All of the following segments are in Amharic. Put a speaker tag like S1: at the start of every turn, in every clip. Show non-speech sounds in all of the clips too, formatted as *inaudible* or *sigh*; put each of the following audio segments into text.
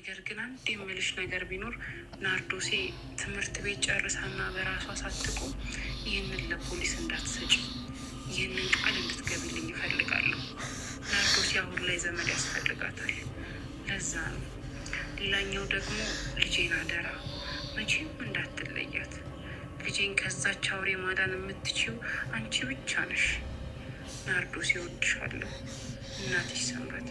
S1: ነገር ግን አንድ የምልሽ ነገር ቢኖር ናርዶሴ ትምህርት ቤት ጨርሳና በራሷ ሳትቆም ይህንን ለፖሊስ እንዳትሰጭ ይህንን ቃል እንድትገቢልኝ ይፈልጋለሁ። ናርዶሴ አሁን ላይ ዘመድ ያስፈልጋታል። ለዛ ነው። ሌላኛው ደግሞ ልጄን አደራ መቼም እንዳትለያት። ልጄን ከዛች አውሬ ማዳን የምትችው አንቺ ብቻ ነሽ። ናርዶሴ እወድሻለሁ። እናትሽ ሰምረት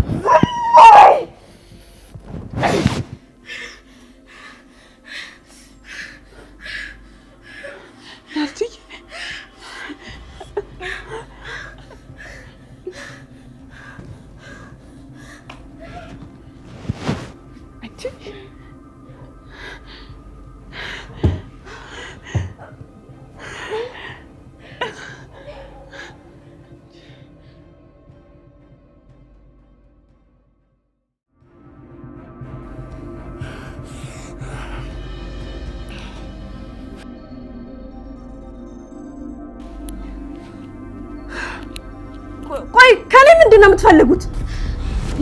S1: ምንድን ነው የምትፈልጉት?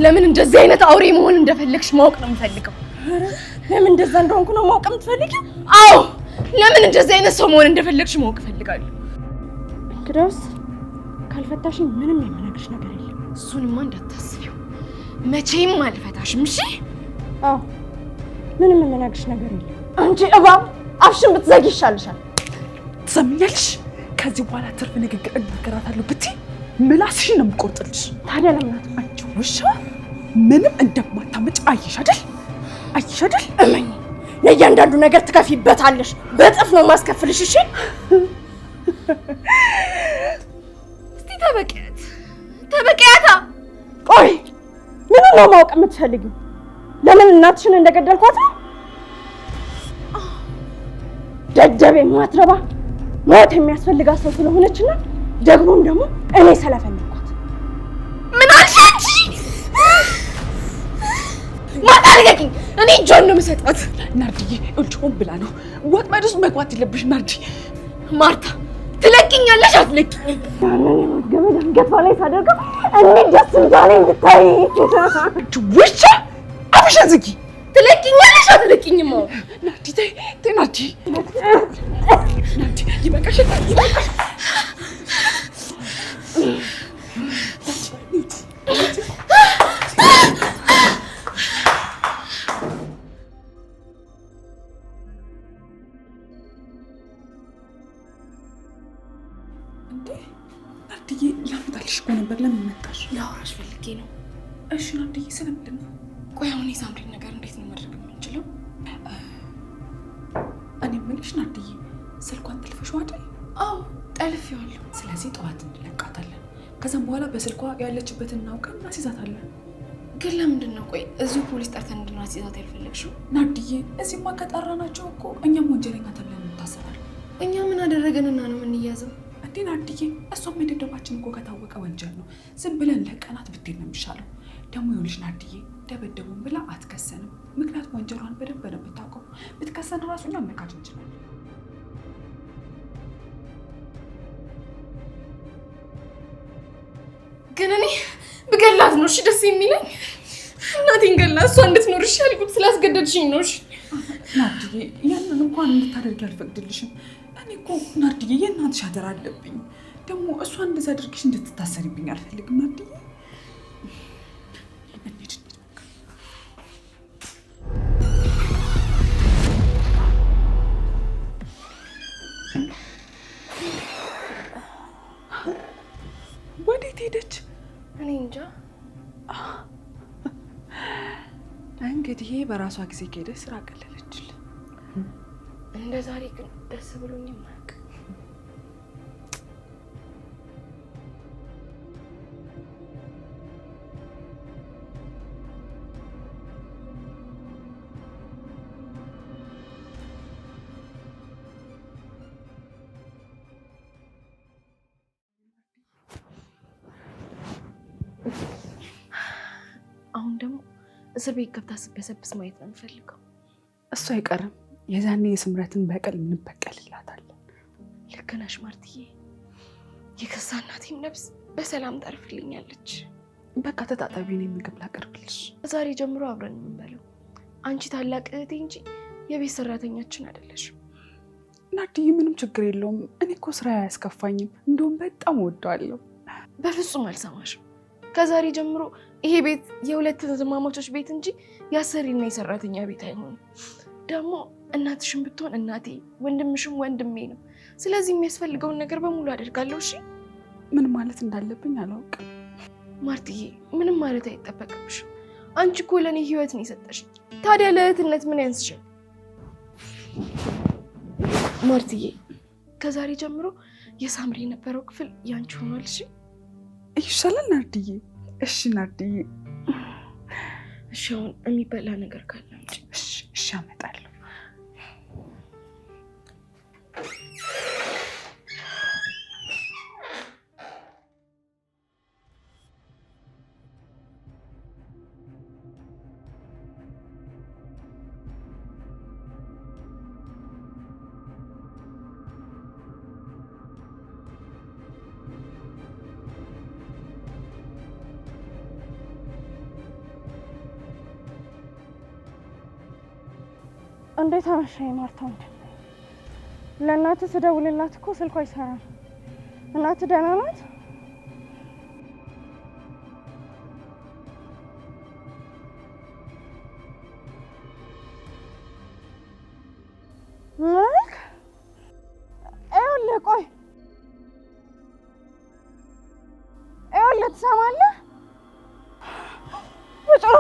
S1: ለምን እንደዚህ አይነት አውሬ መሆን እንደፈለግሽ ማወቅ ነው የምፈልገው። ለምን እንደዛ እንደሆንኩ ነው ማወቅ የምትፈልጊው? አዎ፣ ለምን እንደዚህ አይነት ሰው መሆን እንደፈለግሽ ማወቅ እፈልጋለሁ። እንግዲያውስ ካልፈታሽ ምንም የምነግርሽ ነገር የለም። እሱንማ እንዳታስቢው፣ መቼም አልፈታሽም። እሺ? አዎ፣ ምንም የምነግርሽ ነገር የለም። አንቺ እባብ አፍሽን ብትዘጊ ይሻልሻል። ትሰምኛለሽ? ከዚህ በኋላ ትርፍ ንግግር እናገራታለሁ ብትይ ምላስሽን ነው የምቆርጥልሽ። ታዲያ ለምናት አንቺ ውሻ ምንም እንደማታመጭ አየሽ አይደል? አየሽ አይደል? እመኝ ለእያንዳንዱ ነገር ትከፊበታለሽ። በጥፍ ነው ማስከፍልሽ። እሺ እስቲ ተበቂያት ተበቂያታ። ቆይ ምንም ነው ማወቅ የምትፈልጊው? ለምን እናትሽን እንደገደልኳት ነው? ደደቤ ማትረባ ሞት የሚያስፈልጋት ሰው ስለሆነች ደግሞም ደግሞ እኔ ስለፈለኳት ምን አልሽ አንቺ? ወጣ ልቀቂኝ! እኔ እጇን ነው የምሰጣት። ናርድዬ እልችሆን ብላ ነው ወጥመድ ውስጥ መግባት የለብሽ ናርዲ። ማርታ ትለቅኛለሽ? አትለቅኝ። ገመድ ላይ ሳደርገው እንዴት ደስ እንዳለ እንድታይ። ውሻ አፍሽን ዝጊ። ትለቅኛለሽ? አትለቅኝም? ናርዲ ተይ፣ ናርዲ፣ ናርዲ ይበቃሻል፣ ይበቃሻል ናርድዬ ላምጣልሽ እኮ ነበር። ነው። እሺ ናርድዬ፣ ስለምንድን ነው? ቆይ አሁን እኔ የምልሽ ናርድዬ፣ ስልኳን ጠልፈሽው አይደል? አዎ ጠልፌዋለሁ። ስለዚህ ጠዋት እንለቃታለን። ከዛም በኋላ በስልኳ ያለችበትን እናውቀን እናስይዛታለን። ግን ለምንድን ነው ቆይ እዚሁ ፖሊስ ጠርተን እንድናስይዛት ያልፈለግሽው? ናድዬ እዚህማ ከጠራ እኮ እኛም ወንጀለኛ ተብለን እንታሰራል። እኛ ምን አደረገንና ነው የምንያዘው? እንዴ ናድዬ፣ እሷ የደብደባችን እኮ ከታወቀ ወንጀል ነው። ዝም ብለን ለቀናት ብትሄድ ነው የሚሻለው። ደግሞ ይኸውልሽ ናድዬ፣ ደበደቡን ብላ አትከሰንም። ምክንያቱም ወንጀሏን በደንብ ነው የምታውቀው። ብትከሰን ራሱ እኛ መካድ እንችላለን። ግን እኔ ብገላት ነው እሺ ደስ የሚለኝ። እናቴን ገላ እሷ እንድትኖር እሺ ያልኩት ስላስገደድሽኝ ነው። እሺ ናርድዬ፣ ያንን እንኳን እንድታደርጊ አልፈቅድልሽም። እኔ እኮ ናርድዬ የእናትሽ አደራ አለብኝ። ደግሞ እሷ እንደዛ አድርግሽ እንድትታሰርብኝ አልፈልግም ናርድዬ በራሷ ጊዜ ከሄደ ስራ ቀለለችል። እንደ ዛሬ ግን ደስ ብሎኝ ማቅ እስር ቤት ገብታ ስበሰብስ ማየት ነው የምፈልገው። እሱ አይቀርም። የዛኔ የስምረትን በቀል እንበቀልላታለን። ልክ ነሽ ማርትዬ። የከሳ እናቴም ነብስ በሰላም ታርፍልኛለች። በቃ ተጣጣቢ፣ እኔ ምግብ ላቀርብልሽ። ዛሬ ጀምሮ አብረን የምንበለው አንቺ ታላቅ እህቴ እንጂ የቤት ሰራተኛችን አይደለሽም። ናድዬ፣ ምንም ችግር የለውም። እኔ እኮ ስራ አያስከፋኝም፣ እንደውም በጣም ወደዋለሁ። በፍጹም አልሰማሽም። ከዛሬ ጀምሮ ይሄ ቤት የሁለት ተዘማማቾች ቤት እንጂ የአሰሪና የሰራተኛ ቤት አይሆንም። ደግሞ እናትሽም ብትሆን እናቴ፣ ወንድምሽም ወንድሜ ነው። ስለዚህ የሚያስፈልገውን ነገር በሙሉ አደርጋለሁ። እሺ። ምን ማለት እንዳለብኝ አላውቅም ማርትዬ። ምንም ማለት አይጠበቅብሽም። አንቺ እኮ ለእኔ ህይወት ነው ታዲያ ለእህትነት ምን ያንስሽም? ማርትዬ፣ ከዛሬ ጀምሮ የሳምሪ የነበረው ክፍል ያንቺ ሆኗል። እሺ። ይሻላል ናርድዬ እሺ ናርድዬ። እሺ አሁን የሚበላ ነገር ካለ እሺ እሺ አመጣለሁ። እንዴት አመሻኝ ማርታ ወንድም። ለእናትህ ስደውልላት እኮ ስልኳ አይሰራም። እናት ደህና ናት? መልክ ይኸውልህ፣ ቆይ ይኸውልህ፣ ትሰማለህ? እንደዚህ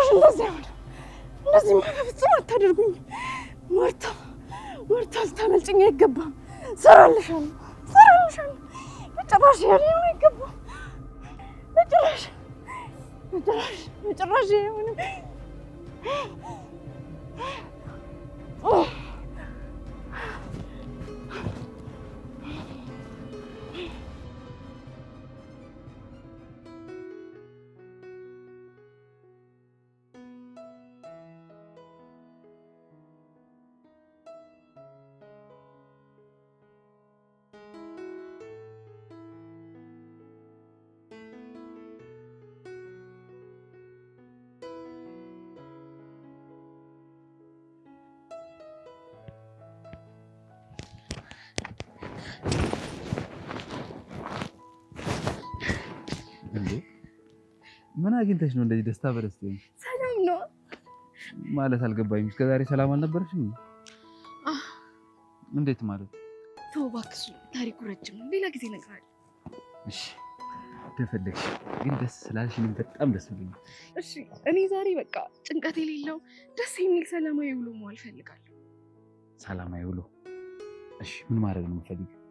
S1: እንደዚህ አታደርጉኝም። ወርታል ወርታል ታመልጭኝ አይገባም። ሰራልሻለሁ ሰራልሻለሁ። በጭራሽ ያለው አይገባም። በጭራሽ በጭራሽ በጭራሽ
S2: ምን አግኝተሽ ነው እንደዚህ ደስታ በደስታ? ሰላም ነው ማለት አልገባኝም። ዛሬ ሰላም አልነበረሽም? እንዴት ማለት?
S1: ተው እባክሽ፣ ታሪኩ ረጅም ነው። ሌላ ጊዜ እነግርሃለሁ።
S2: እሺ እንደፈለግሽ። ግን ደስ ስላልሽኝ በጣም ደስ ብሎኛል።
S1: እሺ እኔ ዛሬ በቃ ጭንቀት የሌለው ደስ የሚል ሰላማዊ ውሎ መዋል እፈልጋለሁ።
S2: ሰላማዊ ውሎ? እሺ ምን ማድረግ ነው የምፈልገው?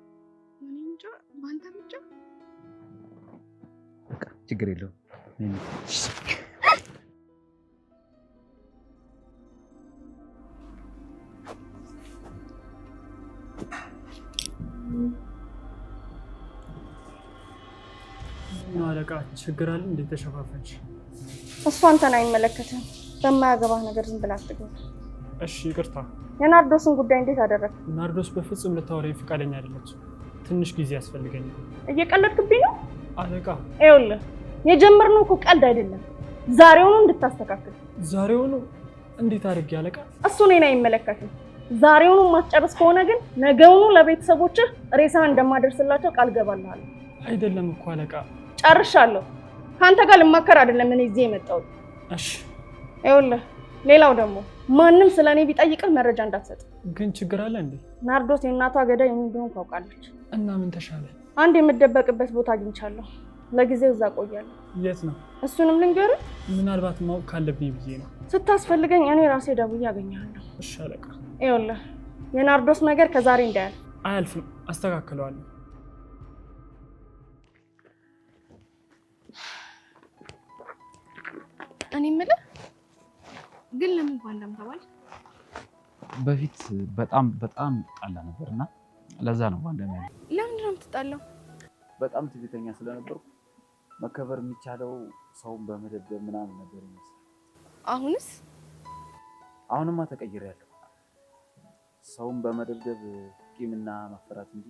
S1: እኔ እንጃ፣ በአንተ ብቻ።
S2: በቃ ችግር የለውም አለቃ
S3: ችግር አለ እንዴ? ተሸፋፈች።
S1: እሱ አንተን አይመለከትም። በማያገባህ ነገር ዝም ብላ አትገባ። እሺ ይቅርታ። የናርዶስን ጉዳይ እንዴት አደረግ?
S3: ናርዶስ በፍጹም ልታወራኝ ፈቃደኛ አይደለች። ትንሽ ጊዜ ያስፈልገኛል።
S1: እየቀለድክብኝ ነው አለቃ። ይኸውልህ የጀመርነው እኮ ቀልድ አይደለም። ዛሬውኑ እንድታስተካክል።
S3: ዛሬውኑ እንዴት አድርጌ አለቃ?
S1: እሱ እኔን አይመለከትም። ዛሬውኑ ማስጨረስ ከሆነ ግን ነገውኑ ለቤተሰቦችህ ሬሳ እንደማደርስላቸው ቃል ገባልሃለሁ።
S3: አይደለም እኮ አለቃ፣
S1: ጨርሻለሁ። ከአንተ ጋር ልማከር አይደለም እኔ እዚህ የመጣሁት። እሺ ይኸውልህ፣ ሌላው ደግሞ ማንም ስለ እኔ ቢጠይቅህ መረጃ እንዳትሰጥ።
S3: ግን ችግር አለ እንዴ?
S1: ናርዶስ የእናቷ ገዳይ እንደሆንኩ ታውቃለች።
S3: እና ምን ተሻለ?
S1: አንድ የምደበቅበት ቦታ አግኝቻለሁ። ለጊዜው እዛ ቆያለሁ። የት ነው? እሱንም ልንገር።
S3: ምናልባት ማወቅ ካለብኝ ብዬ ነው።
S1: ስታስፈልገኝ እኔ ራሴ ደውዬ አገኘሃለሁ። እሺ አለቃ። ይኸውልህ የናርዶስ ነገር ከዛሬ እንዳያል
S3: አያልፍም፣ አስተካክለዋለሁ።
S1: እኔ የምልህ ግን ለምን ባለም ተባል
S2: በፊት በጣም በጣም ጣላ ነበር እና ለዛ ነው ጓንዳም ያለ።
S1: ለምንድን ነው የምትጣላው?
S2: በጣም ትዕቢተኛ ስለነበርኩ መከበር የሚቻለው ሰውን በመደብደብ ምናምን ነገር ይመስላል። አሁንስ አሁንማ ተቀይሬያለሁ። ሰውን በመደብደብ ቂምና ማፈራት እንጂ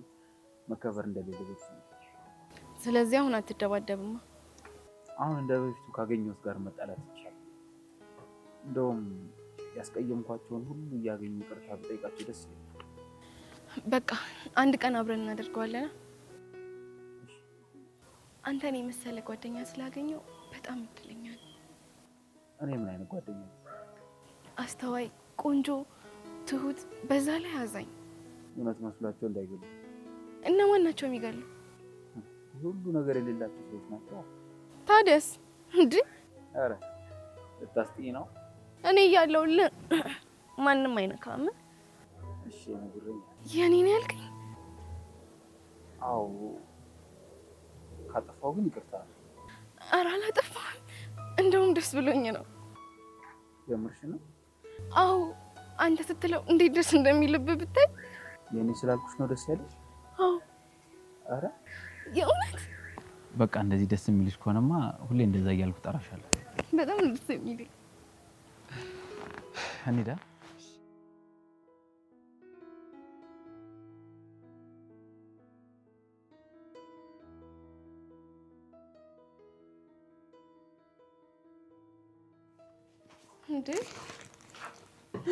S2: መከበር እንደሌለበት።
S1: ስለዚህ አሁን አትደባደብማ።
S2: አሁን እንደ በፊቱ ካገኘሁት ጋር መጣላት ይቻላል። እንደውም ያስቀየምኳቸውን ሁሉ እያገኙ ይቅርታ ብጠይቃቸው ደስ
S1: በቃ አንድ ቀን አብረን እናደርገዋለን። አንተን የመሰለ ጓደኛ ስላገኘው በጣም እድለኛል።
S2: እኔ ምን አይነት ጓደኛ?
S1: አስተዋይ፣ ቆንጆ፣ ትሁት፣ በዛ ላይ አዛኝ።
S2: እውነት መስሏቸው እንዳይገሉ።
S1: እነማን ናቸው የሚገሉ?
S2: ሁሉ ነገር የሌላቸው ሰዎች ናቸው።
S1: ታዲያስ? እንዲ
S2: ኧረ ልታስጥኝ ነው?
S1: እኔ እያለሁልህ *clears throat* ማንም አይነካም።
S2: እሺ ነግሬኝ።
S1: የኔን ያልከኝ?
S2: አዎ ካጠፋው ግን ይቅርታ።
S1: ኧረ አላጠፋህም፣ እንደውም ደስ ብሎኝ ነው። የምርሽ ነው? አዎ አንተ ስትለው እንዴት ደስ እንደሚልብ ብታይ።
S2: የእኔ ስላልኩሽ ነው ደስ ያለሽ? አዎ። አረ የእውነት በቃ እንደዚህ ደስ የሚልሽ ከሆነማ ሁሌ እንደዛ እያልኩ ጠራሻለሁ።
S1: በጣም ደስ የሚል እንሂዳ እንዴ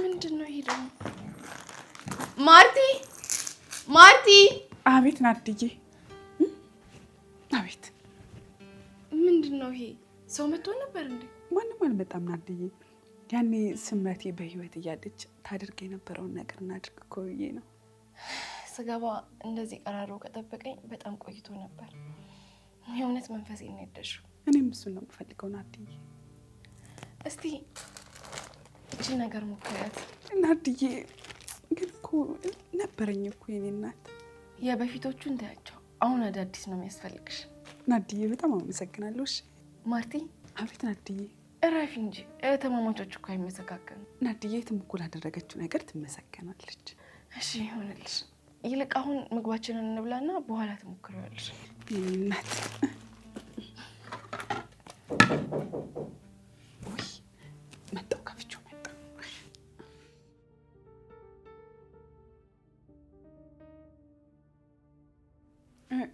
S1: ምንድን ነው ይሄ ደግሞ? ማርቲ ማርቲ! አቤት ናድዬ። አቤት ምንድን ነው ይሄ? ሰው መቶ ነበር እንዴ? ማንም አልመጣም ናድዬ። ያኔ ስመቴ በህይወት እያለች ታደርግ የነበረውን ነገር እናድርግ እኮ ብዬ ነው። ስገባ እንደዚህ ቀራሮ ከጠበቀኝ በጣም ቆይቶ ነበር። የእውነት መንፈሴ ነው ያደሹ። እኔም እሱን ነው የምፈልገው ናድዬ። እስቲ እችን ነገር ሞክሪያት። እናድዬ ግን እኮ ነበረኝ እኮ የኔ እናት። የበፊቶቹ እንታያቸው፣ አሁን አዳዲስ ነው የሚያስፈልግሽ። ናድዬ በጣም አመሰግናለሁ። እሺ ማርቲ። አቤት ናድዬ። እረፊ እንጂ ተማማቾች እኮ አይመሰጋገኑ። ናድዬ የትም እኮ ላደረገችው ነገር ትመሰገናለች። እሺ ይሆንልሽ። ይልቅ አሁን ምግባችንን እንብላና በኋላ ትሞክሪዋለሽ። እናት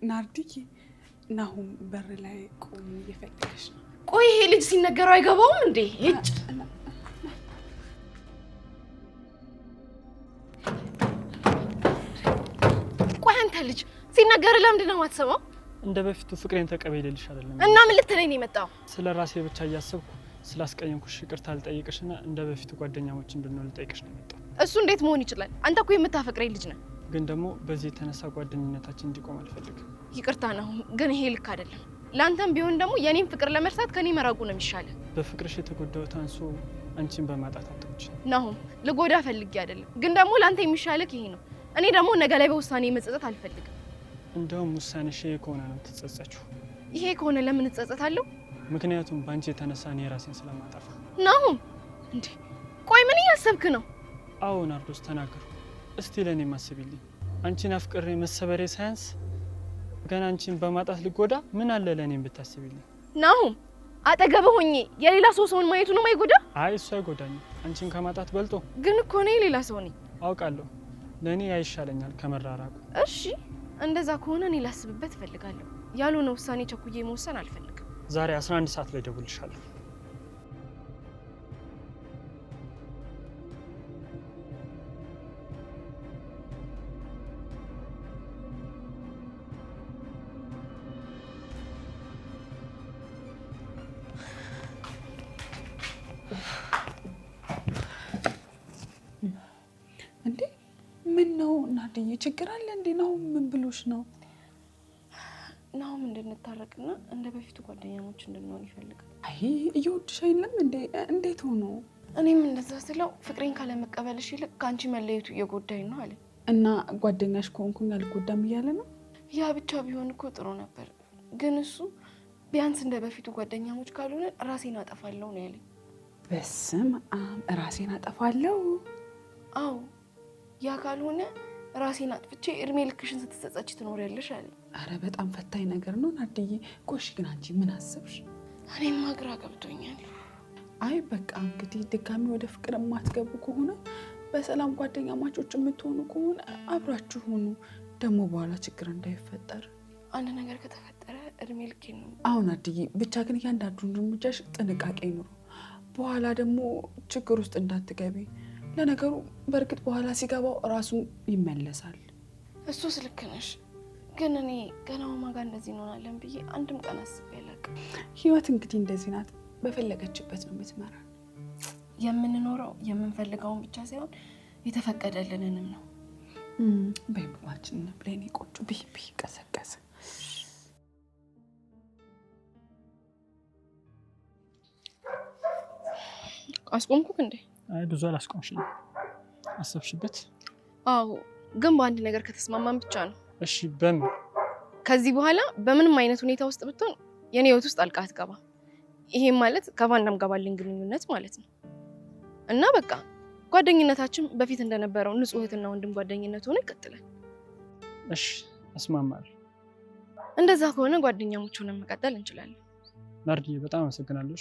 S1: ናርዲዬ፣ ናሁም በር ላይ ቆሙ እየፈለገች ነው። ቆይ ይሄ ልጅ ሲነገረው አይገባውም እንዴ? እጭ ቆይ አንተ ልጅ ሲነገር ለምንድን ነው የማትሰማው?
S3: እንደ በፊቱ ፍቅሬን ተቀበይ ልልሽ
S1: አይደለም እና ምን ልትለኝ ነው የመጣው?
S3: ስለ ራሴ ብቻ እያሰብኩ ስላስቀየምኩሽ ይቅርታ ልጠይቅሽና እንደ በፊቱ ጓደኛሞች እንድንሆን ልጠይቅሽ ነው የመጣው።
S1: እሱ እንዴት መሆን ይችላል? አንተ እኮ የምታፈቅረኝ ልጅ ነህ።
S3: ግን ደግሞ በዚህ የተነሳ ጓደኝነታችን እንዲቆም አልፈልግም።
S1: ይቅርታ ነው ግን ይሄ ልክ አይደለም። ለአንተም ቢሆን ደግሞ የእኔም ፍቅር ለመርሳት ከኔ መራቁ ነው የሚሻለ።
S3: በፍቅርሽ የተጎዳሁት አንሶ አንቺን በማጣት አጥቶች
S1: ናሁም ልጎዳ ፈልጌ አይደለም፣ ግን ደግሞ ለአንተ የሚሻልክ ይሄ ነው። እኔ ደግሞ ነገ ላይ በውሳኔ መጸጸት አልፈልግም።
S3: እንደውም ውሳኔሽ ይሄ ከሆነ ነው ትጸጸችው።
S1: ይሄ ከሆነ ለምን እጸጸታለሁ?
S3: ምክንያቱም በአንቺ የተነሳ እኔ ራሴን ስለማጠፋ
S1: ናሁም። እንዴ ቆይ ምን እያሰብክ ነው?
S3: አዎ ናርዶስ ተናገሩ እስቲ ለእኔ ማስብልኝ። አንቺን አፍቅሬ መሰበሬ ሳያንስ ገና አንቺን በማጣት ልጎዳ። ምን አለ ለእኔም ብታስብልኝ።
S1: ናሁም አጠገብ ሆኜ የሌላ ሰው ሰውን ማየቱ ነው ማይጎዳ?
S3: አይ እሱ አይጎዳኝ፣ አንቺን ከማጣት በልጦ።
S1: ግን እኮ እኔ ሌላ ሰው ነኝ።
S3: አውቃለሁ። ለእኔ ያይሻለኛል ከመራራቁ።
S1: እሺ እንደዛ ከሆነ እኔ ላስብበት እፈልጋለሁ። ያልሆነ ውሳኔ ቸኩዬ መወሰን አልፈልግም።
S3: ዛሬ 11 ሰዓት ላይ ደውልሻለሁ።
S1: ችግር አለ እንዴ? ነው ምን ብሎሽ ነው? ናሁም እንድንታረቅና እንደ በፊቱ ጓደኛሞች እንድንሆን ይፈልጋል። አይ እየወድሽ አይለም እንዴ? እንዴት ሆኖ? እኔም እንደዛ ስለው ፍቅሬን ካለመቀበልሽ ይልቅ ከአንቺ መለየቱ እየጎዳኝ ነው አለ እና ጓደኛሽ ከሆንኩኝ አልጎዳም እያለ ነው። ያ ብቻ ቢሆን እኮ ጥሩ ነበር፣ ግን እሱ ቢያንስ እንደ በፊቱ ጓደኛሞች ካልሆነ ራሴን አጠፋለሁ ነው ያለኝ። በስም አም ራሴን አጠፋለሁ። አዎ ያ ካልሆነ ራሴን አጥፍቼ እድሜ ልክሽን ስትሰጸች ትኖሪያለሽ አለ። አረ በጣም ፈታኝ ነገር ነው ናድዬ። ቆሽ ግን አንቺ ምን አሰብሽ? እኔማ ግራ ገብቶኛል። አይ በቃ እንግዲህ ድጋሚ ወደ ፍቅር የማትገቡ ከሆነ በሰላም ጓደኛ ማቾች የምትሆኑ ከሆነ አብራችሁ ሁኑ። ደግሞ በኋላ ችግር እንዳይፈጠር አንድ ነገር ከተፈጠረ እድሜ ልክ ነው። አሁን አድዬ ብቻ ግን እያንዳንዱን እርምጃሽ ጥንቃቄ ይኑሩ። በኋላ ደግሞ ችግር ውስጥ እንዳትገቢ ለነገሩ በእርግጥ በኋላ ሲገባው እራሱ ይመለሳል። እሱስ ልክ ነሽ፣ ግን እኔ ገና ማማ ጋር እንደዚህ እንሆናለን ብዬ አንድም ቀን አስቤ አላውቅም። ህይወት እንግዲህ እንደዚህ ናት፣ በፈለገችበት ነው የምትመራ። የምንኖረው የምንፈልገውን ብቻ ሳይሆን የተፈቀደልንንም ነው። በይምግባችን ብላይኔ ቆጩ ብይ ቀሰቀሰ አስቆምኩክ እንዴ?
S3: ብዙ አላስቆምሽኝ። አሰብሽበት?
S1: አዎ፣ ግን በአንድ ነገር ከተስማማን ብቻ ነው።
S3: እሺ፣ በምን?
S1: ከዚህ በኋላ በምንም አይነት ሁኔታ ውስጥ ብትሆን የኔ ህይወት ውስጥ አልቃ አትገባ። ይሄም ማለት ከቫናም ጋር ግንኙነት ማለት ነው። እና በቃ ጓደኝነታችን በፊት እንደነበረው ንጹህ እህትና ወንድም ጓደኝነት ሆነ ይቀጥላል።
S3: እሺ፣ እስማማለሁ።
S1: እንደዛ ከሆነ ጓደኛሞች ሆነን መቀጠል እንችላለን።
S3: መርድዬ፣ በጣም አመሰግናለሁ።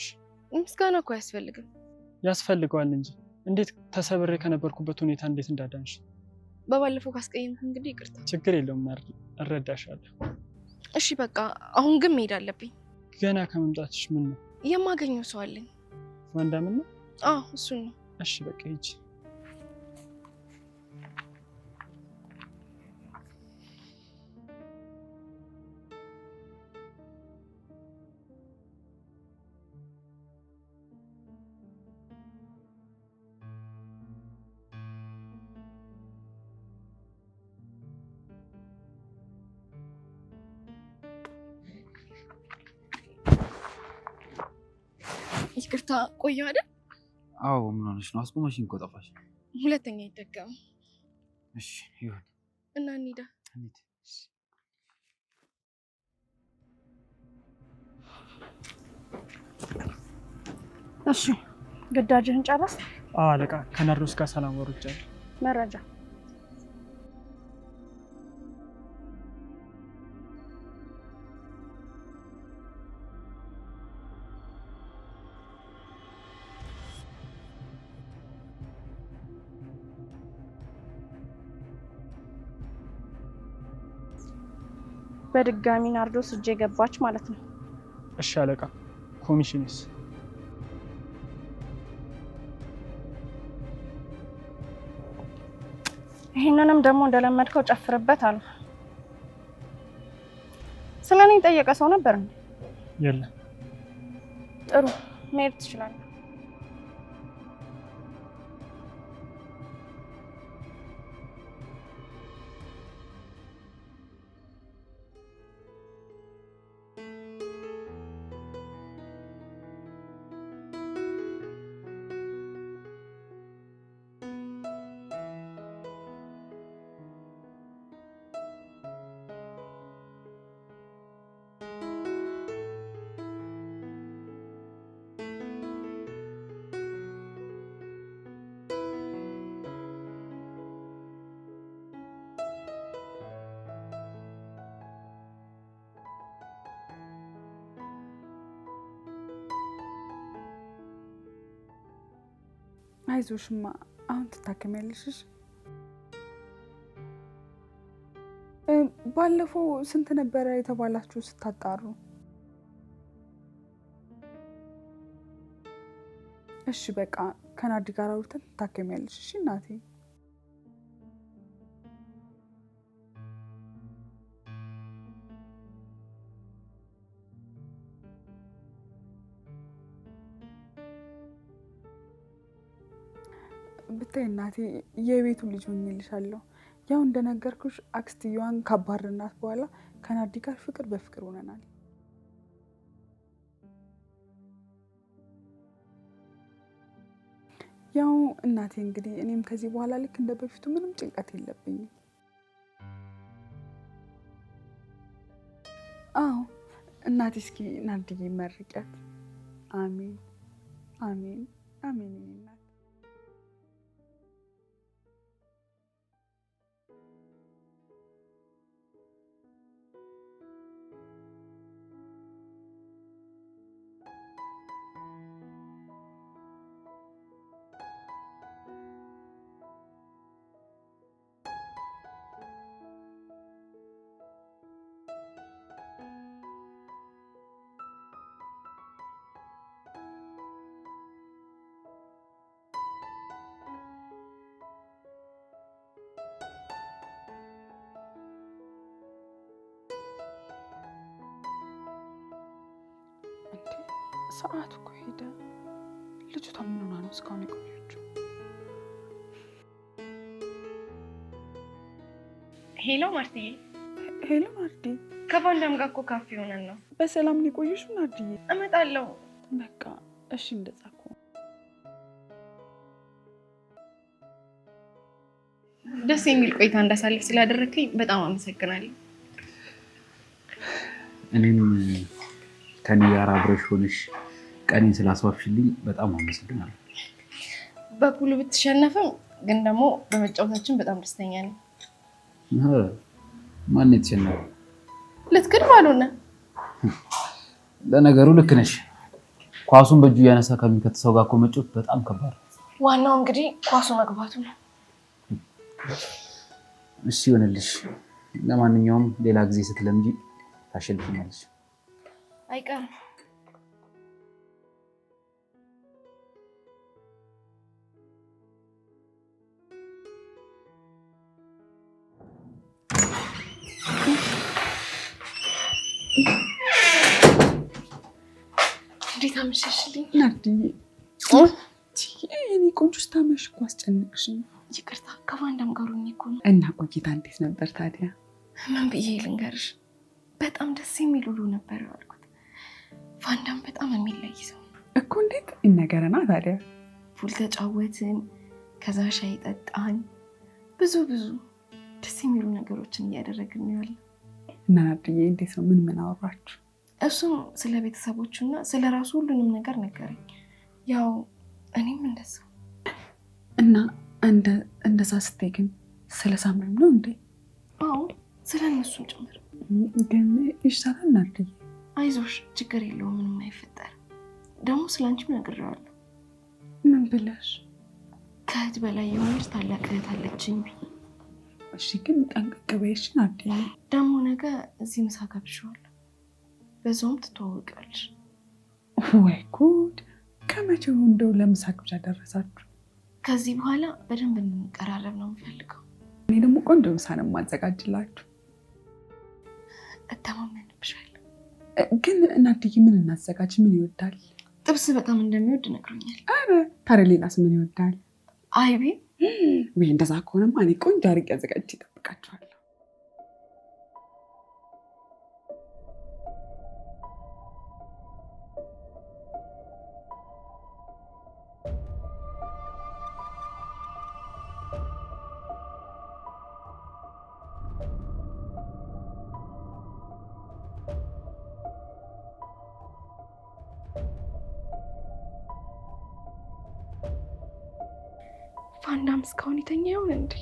S1: ምስጋና እኮ አያስፈልግም።
S3: ያስፈልገዋል እንጂ እንዴት ተሰብሬ ከነበርኩበት ሁኔታ እንዴት እንዳዳንሽ።
S1: በባለፈው ካስቀየምኩ እንግዲህ ይቅርታ።
S3: ችግር የለውም እረዳሻለሁ።
S1: እሺ በቃ አሁን ግን መሄድ አለብኝ።
S3: ገና ከመምጣትሽ ምን ነው?
S1: የማገኘው ሰው አለኝ። ዋንዳምን ነው? አዎ እሱን ነው።
S3: እሺ በቃ ሂጂ።
S1: ይቅርታ ቆየሁ አይደል?
S2: አዎ። ምን ሆነሽ ነው? አስቆመሽኝ እኮ ጠፋሽ።
S1: ሁለተኛ አይደገምም።
S2: እሺ ይሁን
S1: እና እንሂዳ እሺ ግዳጅህን ጨረስ።
S3: አለቃ ከነርሱ ጋር ሰላም ወርጃለሁ።
S1: መረጃ በድጋሚ ናርዶስ እጄ ገባች ማለት ነው።
S3: እሺ አለቃ፣ ኮሚሽንስ?
S1: ይህንንም ደግሞ እንደለመድከው ጨፍርበት አለ። ስለ እኔ የጠየቀ ሰው ነበር? የለም። ጥሩ መሄድ ትችላለህ። አይዞሽማ አሁን ትታከሚያለሽሽ። ባለፈው ስንት ነበረ የተባላችሁ ስታጣሩ? እሺ በቃ ከናዲ ጋር አውርተን ትታከሚያለሽ። እሺ እናቴ ብታይ እናቴ የቤቱ ልጅ ሆኜልሻለሁ። ያው እንደነገርኩሽ አክስትየዋን ካባርናት በኋላ ከናዲ ጋር ፍቅር በፍቅር ሆነናል። ያው እናቴ እንግዲህ እኔም ከዚህ በኋላ ልክ እንደ በፊቱ ምንም ጭንቀት የለብኝም። አዎ እናቴ እስኪ ናድዬ መርቂያት። አሜን አሜን አሜን። ሰዓት እኮ ሄደ። ልጅቷ ምን ሆና ነው እስካሁን የቆየችው? ሄሎ ማርትዬ። ሄሎ ማርዲ። ከፋንዳም ጋር እኮ ካፌ ሆነን ነው። በሰላም ነው የቆየሽው? ናርዲዬ እመጣለሁ። በቃ እሺ፣ እንደዛ እኮ ደስ የሚል ቆይታ እንዳሳልፍ ስላደረግከኝ በጣም አመሰግናለሁ።
S2: እኔም ከኔ ጋር አብረሽ ሆነሽ ቀኔን ስላስዋብሽልኝ በጣም አመሰግናለሁ።
S1: በፑል ብትሸነፍም ግን ደግሞ በመጫወታችን በጣም ደስተኛ ነኝ።
S2: ማን የተሸነፈው?
S1: ልትክድ ባልሆነ
S2: ለነገሩ ልክ ነሽ። ኳሱን በእጁ እያነሳ ከሚከት ሰው ጋር እኮ መጫወት በጣም ከባድ።
S1: ዋናው እንግዲህ ኳሱ መግባቱ ነው።
S2: እሺ ይሆንልሽ። ለማንኛውም ሌላ ጊዜ ስትለምጂ ታሸንፊኛለሽ።
S1: አይቀርም። እንዴት አመሸሽልኝ ናርድዬ? ቆንጆ ስታመሽ እኮ አስጨነቅሽኝ። ይቅርታ ጋር ሆኜ እኮ ነው። እና ቆይታ እንዴት ነበር ታዲያ? ምን ብዬ ልንገርሽ፣ በጣም ደስ የሚል ውሎ ነበር ፋንዳም በጣም የሚለይ ሰው እኮ። እንዴት ይነገረና ታዲያ ፑል ተጫወትን፣ ከዛ ሻይ ጠጣን፣ ብዙ ብዙ ደስ የሚሉ ነገሮችን እያደረግን ያለ እና ናድዬ፣ እንዴት ነው ምን ምን አወራችሁ? እሱም ስለ ቤተሰቦቹ እና ስለ ራሱ ሁሉንም ነገር ነገረኝ። ያው እኔም እንደዛ እና እንደዛ ስትይ ግን ስለ ሳምሪም ነው እንዴ? አዎ ስለ እነሱም ጭምር ግን ይሻላል ናድዬ አይዞሽ፣ ችግር የለውም ምንም አይፈጠር ደግሞ ስለአንቺም ነግሬዋለሁ። ምን ብለሽ? ከእህት በላይ የሆነች ታላቅ እህት አለችኝ። እሺ፣ ግን ጠንቀቅ በይሽን። አዲ ደግሞ ነገ እዚህ ምሳ ጋብዤዋለሁ፣ በዛውም ትተዋወቂዋለሽ። ወይ ጉድ! ከመቼው እንደው ለምሳ ግብዣ ደረሳችሁ? ከዚህ በኋላ በደንብ እንቀራረብ ነው የምፈልገው። እኔ ደግሞ ቆንጆ ምሳ ነው የማዘጋጅላችሁ። እተማመን ግን እናትዬ ምን እናዘጋጅ? ምን ይወዳል? ጥብስ በጣም እንደሚወድ ነግሮኛል። አረ ታዲያ ሌላስ ምን ይወዳል? አይቤ ወይ እንደዛ ከሆነማ እኔ ቆንጆ አድርጌ አዘጋጅ ይጠብቃቸዋል። አንዳም እስካሁን የተኛ ይሆን እንዴ?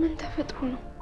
S1: ምን ተፈጥሮ ነው?